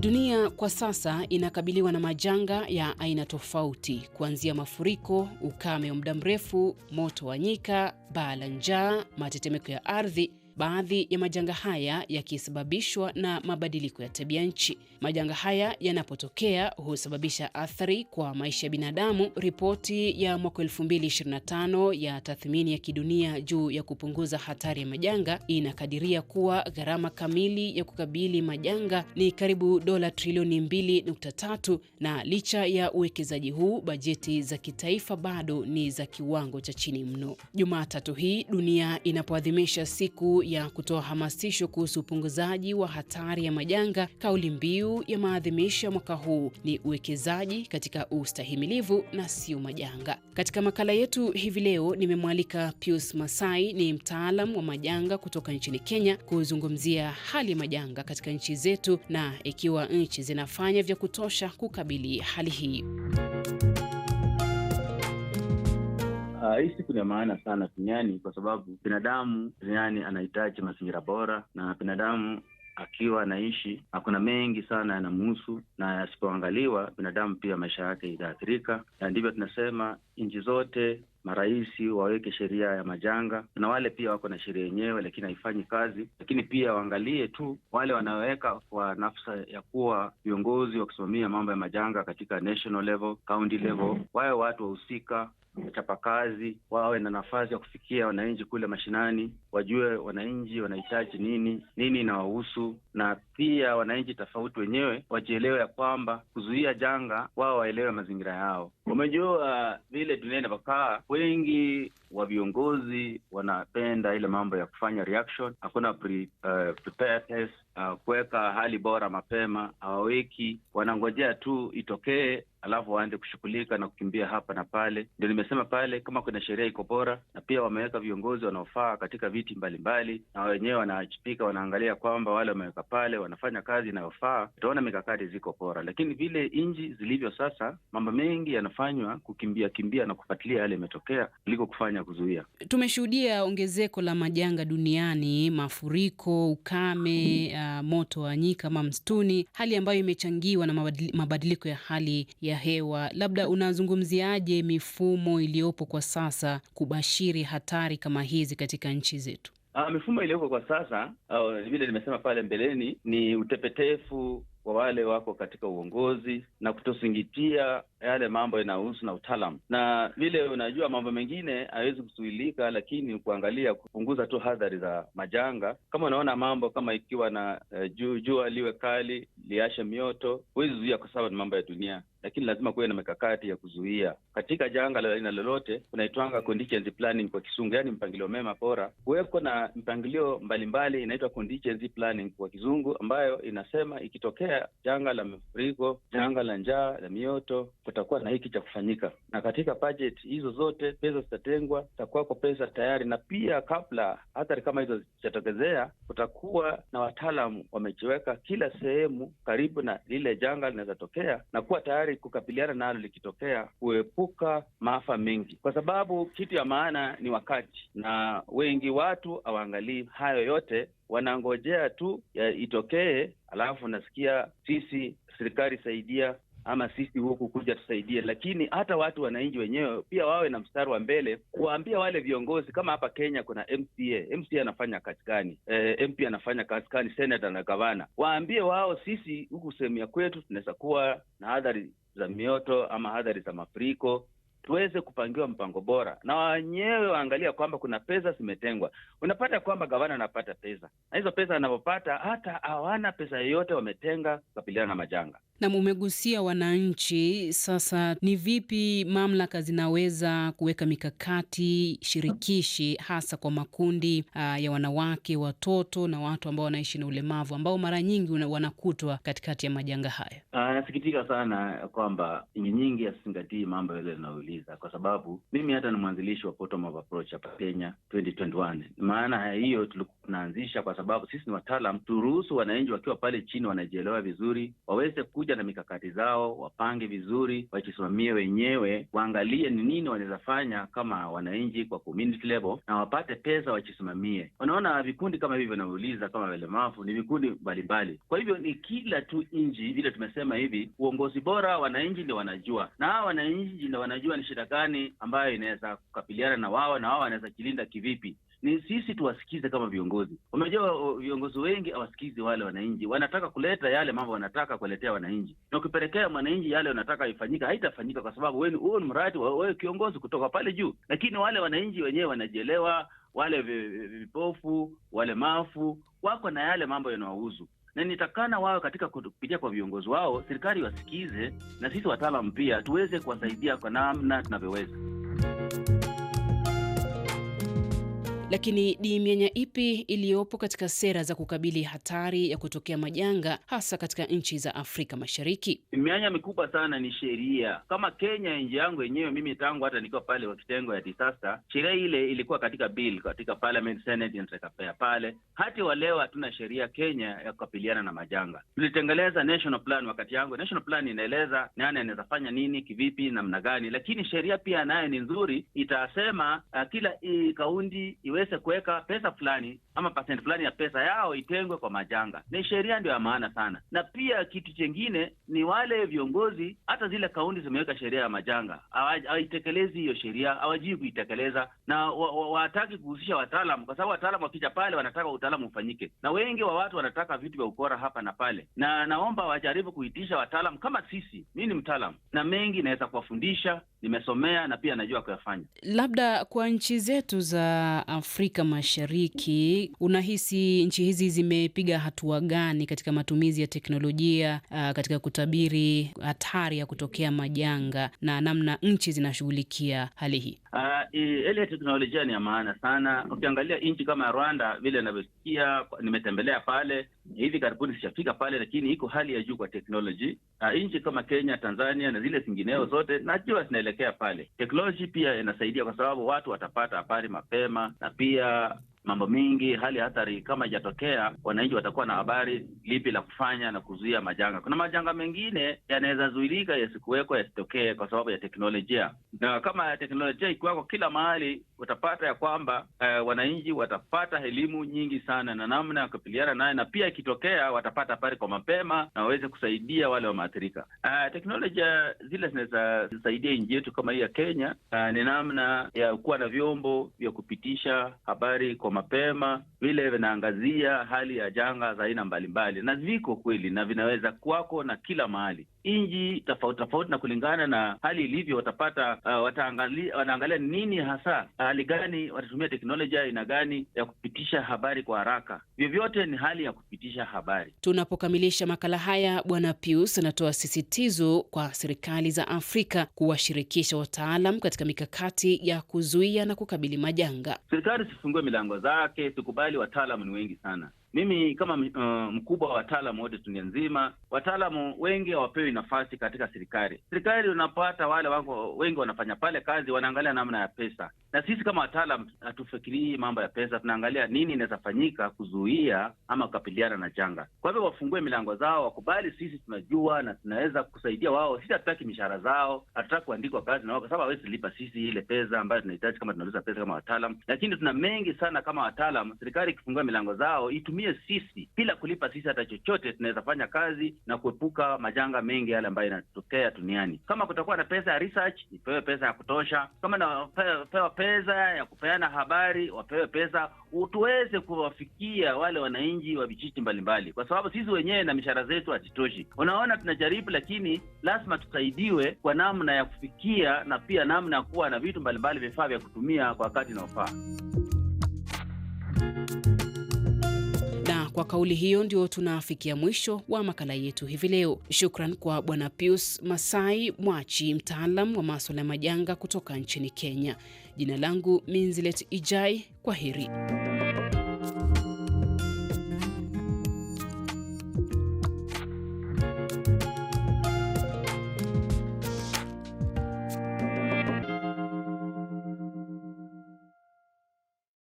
Dunia kwa sasa inakabiliwa na majanga ya aina tofauti, kuanzia mafuriko, ukame wa muda mrefu, moto wa nyika, baa la njaa, matetemeko ya ardhi baadhi ya majanga haya yakisababishwa na mabadiliko ya tabia nchi. Majanga haya yanapotokea husababisha athari kwa maisha ya binadamu. Ripoti ya mwaka 2025 ya tathmini ya kidunia juu ya kupunguza hatari ya majanga inakadiria kuwa gharama kamili ya kukabili majanga ni karibu dola trilioni 2.3, na licha ya uwekezaji huu, bajeti za kitaifa bado ni za kiwango cha chini mno. Jumatatu hii dunia inapoadhimisha siku ya kutoa hamasisho kuhusu upunguzaji wa hatari ya majanga, kauli mbiu ya maadhimisho ya mwaka huu ni uwekezaji katika ustahimilivu na sio majanga. Katika makala yetu hivi leo nimemwalika Pius Masai, ni mtaalam wa majanga kutoka nchini Kenya, kuzungumzia hali ya majanga katika nchi zetu na ikiwa nchi zinafanya vya kutosha kukabili hali hii. Uh, hii siku ni ya maana sana duniani kwa sababu binadamu duniani anahitaji mazingira bora, na binadamu akiwa anaishi hakuna mengi sana yanamhusu, na yasipoangaliwa binadamu pia maisha yake itaathirika, na ndivyo tunasema nchi zote marais waweke sheria ya majanga, na wale pia wako na sheria yenyewe, lakini haifanyi kazi. Lakini pia waangalie tu wale wanaoweka kwa nafsa ya kuwa viongozi wa kusimamia mambo ya majanga katika national level, county level, wawe watu wahusika wachapakazi wawe na nafasi ya kufikia wananchi kule mashinani, wajue wananchi wanahitaji nini, nini inawahusu, na pia wananchi tofauti wenyewe wajielewe ya kwamba kuzuia janga, wao waelewe mazingira yao. Umejua uh, vile dunia inavyokaa, wengi wa viongozi wanapenda ile mambo ya kufanya reaction, hakuna pre, uh, preparedness, uh, kuweka hali bora mapema, hawaweki, wanangojea tu itokee alafu waende kushughulika na kukimbia hapa na pale. Ndio nimesema pale, kama kuna sheria iko bora, na pia wameweka viongozi wanaofaa katika viti mbalimbali mbali, na wenyewe wanawajibika, wanaangalia kwamba wale wameweka pale wanafanya kazi inayofaa, utaona mikakati ziko bora. Lakini vile nchi zilivyo sasa, mambo mengi yanafanywa kukimbia kimbia na kufuatilia yale imetokea kuliko kufanya kuzuia. Tumeshuhudia ongezeko la majanga duniani, mafuriko, ukame, uh, moto wa nyika ama msituni, hali ambayo imechangiwa na mabadiliko ya hali ya ya hewa, labda unazungumziaje mifumo iliyopo kwa sasa kubashiri hatari kama hizi katika nchi zetu? Uh, mifumo iliyoko kwa sasa vile nimesema pale mbeleni ni utepetefu kwa wale wako katika uongozi na kutozingatia yale mambo yanayohusu na utaalam na vile unajua mambo mengine hawezi kuzuilika, lakini kuangalia kupunguza tu hadhari za majanga. Kama unaona mambo kama ikiwa na uh, jua liwe kali liashe mioto, huwezi zuia kwa sababu ni mambo ya dunia, lakini lazima kuwe na mikakati ya kuzuia katika janga la aina lolote. Unaitwanga contingency planning kwa Kizungu, yaani mpangilio mema bora. Kuweko na mpangilio mbalimbali inaitwa contingency planning kwa Kizungu, ambayo inasema ikitokea janga la mafuriko, janga la njaa, la mioto kutakuwa na hiki cha kufanyika, na katika bajeti hizo zote pesa zitatengwa, takuwako pesa tayari, na pia kabla athari kama hizo zitatokezea, kutakuwa na wataalamu wamejiweka kila sehemu karibu na lile janga linawezatokea, na kuwa tayari kukabiliana nalo likitokea, kuepuka maafa mengi, kwa sababu kitu ya maana ni wakati, na wengi watu hawaangalii hayo yote wanangojea tu itokee, alafu nasikia sisi serikali saidia, ama sisi huku kuja tusaidie, lakini hata watu wananchi wenyewe pia wawe na mstari wa mbele kuwaambia wale viongozi. Kama hapa Kenya kuna MCA, MCA anafanya kazi gani? E, eh, MP anafanya kazi gani? Senata na gavana waambie wao, sisi huku sehemu ya kwetu tunaweza kuwa na hadhari za mioto ama hadhari za mafuriko tuweze kupangiwa mpango bora na wenyewe waangalia kwamba kuna pesa zimetengwa. Unapata kwamba gavana anapata pesa na hizo pesa anavyopata, hata hawana pesa yoyote wametenga kukabiliana na majanga. Na mumegusia wananchi, sasa ni vipi mamlaka zinaweza kuweka mikakati shirikishi hasa kwa makundi uh, ya wanawake, watoto na watu ambao wanaishi na ulemavu ambao mara nyingi wanakutwa katikati ya majanga haya? Uh, nasikitika sana kwamba nchi nyingi hazizingatii mambo yale yanayoulizwa kumaliza, kwa sababu mimi hata ni mwanzilishi wa Bottom Approach hapa Kenya 2021. Maana hiyo tulikuwa tunaanzisha, kwa sababu sisi ni wataalam. Turuhusu wananchi wakiwa pale chini wanajielewa vizuri, waweze kuja na mikakati zao, wapange vizuri, wajisimamie wenyewe, waangalie ni nini wanaweza fanya kama wananchi kwa community level, na wapate pesa wajisimamie. Unaona, vikundi kama hivyo vinauliza kama walemavu ni vikundi mbalimbali, kwa hivyo ni kila tu nchi vile tumesema hivi, uongozi bora wananchi ndio wanajua, na hawa wananchi ndio wanajua ni shida gani ambayo inaweza kukabiliana na wao, na wao wanaweza jilinda kivipi ni sisi tuwasikize kama viongozi. Umejua viongozi wengi hawasikizi wale wananchi, wanataka kuleta yale mambo wanataka kuletea wananchi, na ukipelekea mwananchi yale wanataka ifanyika, haitafanyika kwa sababu wewe ni mradi wewe kiongozi kutoka pale juu, lakini wale wananchi wenyewe wanajielewa, wale vipofu, wale mafu wako na yale mambo yanawahusu na nitakana wao katika kupitia kwa viongozi wao, serikali wasikize, na sisi wataalam pia tuweze kuwasaidia kwa namna tunavyoweza. Lakini ni mianya ipi iliyopo katika sera za kukabili hatari ya kutokea majanga hasa katika nchi za Afrika Mashariki? Mianya mikubwa sana ni sheria. Kama Kenya, nchi yangu yenyewe, mimi tangu hata nikiwa pale kwa kitengo ya disaster, sheria ile ilikuwa katika bill, katika parliament, senate pale. Hata wa leo hatuna sheria Kenya ya kukabiliana na majanga. Tulitengeleza national plan wakati yangu, national plan inaeleza nani anaweza fanya nini kivipi, namna gani, lakini sheria pia nayo ni nzuri, itasema uh, kila eh, kaunti iwe uweze kuweka pesa fulani ama pasenti fulani ya pesa yao itengwe kwa majanga. Ni sheria ndio ya maana sana, na pia kitu chengine ni wale viongozi, hata zile kaunti zimeweka sheria ya majanga, hawaitekelezi hiyo sheria, hawajui kuitekeleza na wa kuhusisha wataalam, kwa sababu wataalam wakija pale wanataka utaalamu ufanyike, na wengi wa watu wanataka vitu vya ukora hapa na pale, na naomba wajaribu kuitisha wataalam kama sisi. Mi ni mtaalam na mengi naweza kuwafundisha, nimesomea na pia najua kuyafanya. Labda kwa nchi zetu za Afrika Mashariki unahisi nchi hizi zimepiga hatua gani katika matumizi ya teknolojia uh, katika kutabiri hatari ya kutokea majanga na namna nchi zinashughulikia hali hii? Ah, ile uh, teknolojia ni ya maana sana. Ukiangalia nchi kama Rwanda, vile inavyosikia, nimetembelea pale hivi karibuni, zishafika pale, lakini iko hali ya juu kwa teknoloji. Uh, nchi kama Kenya, Tanzania na zile zingineo zote najua zinaelekea pale. Teknoloji pia inasaidia kwa sababu watu watapata habari mapema na pia mambo mengi, hali ya hatari kama ijatokea, wananchi watakuwa na habari lipi la kufanya na kuzuia majanga. Kuna majanga mengine yanaweza zuilika, yasikuwekwa, yasitokee kwa sababu ya teknolojia, na kama teknolojia ikiwako kila mahali, utapata ya kwamba eh, wananchi watapata elimu nyingi sana na namna ya kupiliana naye, na pia ikitokea watapata habari kwa mapema na waweze kusaidia wale wameathirika. Eh, ah, teknolojia zile zisaidia nchi yetu kama hii ya Kenya, eh, ni namna ya kuwa na vyombo vya kupitisha habari kwa kwa mapema, vile vinaangazia hali ya janga za aina mbalimbali, na viko kweli na vinaweza kwako na kila mahali nchi tofauti tofauti, na kulingana na hali ilivyo watapata uh, wataangalia, wanaangalia nini hasa, hali gani watatumia teknolojia aina gani ya kupitisha habari kwa haraka. Vyovyote ni hali ya kupitisha habari. Tunapokamilisha makala haya, Bwana Pius anatoa sisitizo kwa serikali za Afrika kuwashirikisha wataalam katika mikakati ya kuzuia na kukabili majanga. Serikali sifungue milango zake, sikubali, wataalam ni wengi sana mimi kama uh, mkubwa wa wataalamu wote dunia nzima, wataalamu wengi hawapewi nafasi katika serikali. Serikali unapata wale wako wengi wanafanya pale kazi, wanaangalia namna ya pesa, na sisi kama wataalam hatufikirii mambo ya pesa, tunaangalia nini inaweza fanyika kuzuia ama kukabiliana na janga. Kwa hivyo wafungue milango zao, wakubali sisi tunajua na tunaweza kusaidia wao. Sisi hatutaki mishahara zao, hatutaki kuandikwa kazi na wao, kwa sababu hawezi lipa sisi ile pesa ambayo tunahitaji kama tunauliza pesa kama wataalam, lakini tuna mengi sana kama wataalam. Serikali ikifungua milango zao itumie watumie sisi bila kulipa sisi hata chochote. Tunaweza fanya kazi na kuepuka majanga mengi yale ambayo yanatokea duniani. Kama kutakuwa na pesa ya research, ipewe pesa ya kutosha. Kama napewa pesa ya kupeana habari, wapewe pesa tuweze kuwafikia wale wananchi wa vijiji mbalimbali, kwa sababu sisi wenyewe na mishahara zetu hazitoshi. Unaona, tunajaribu lakini lazima tusaidiwe kwa namna ya kufikia na pia namna ya kuwa na vitu mbalimbali, vifaa vya kutumia kwa wakati unaofaa. kauli hiyo ndio tunaafikia mwisho wa makala yetu hivi leo. Shukran kwa Bwana Pius Masai Mwachi, mtaalam wa maswala ya majanga kutoka nchini Kenya. Jina langu Minzilet Ijai, kwa heri.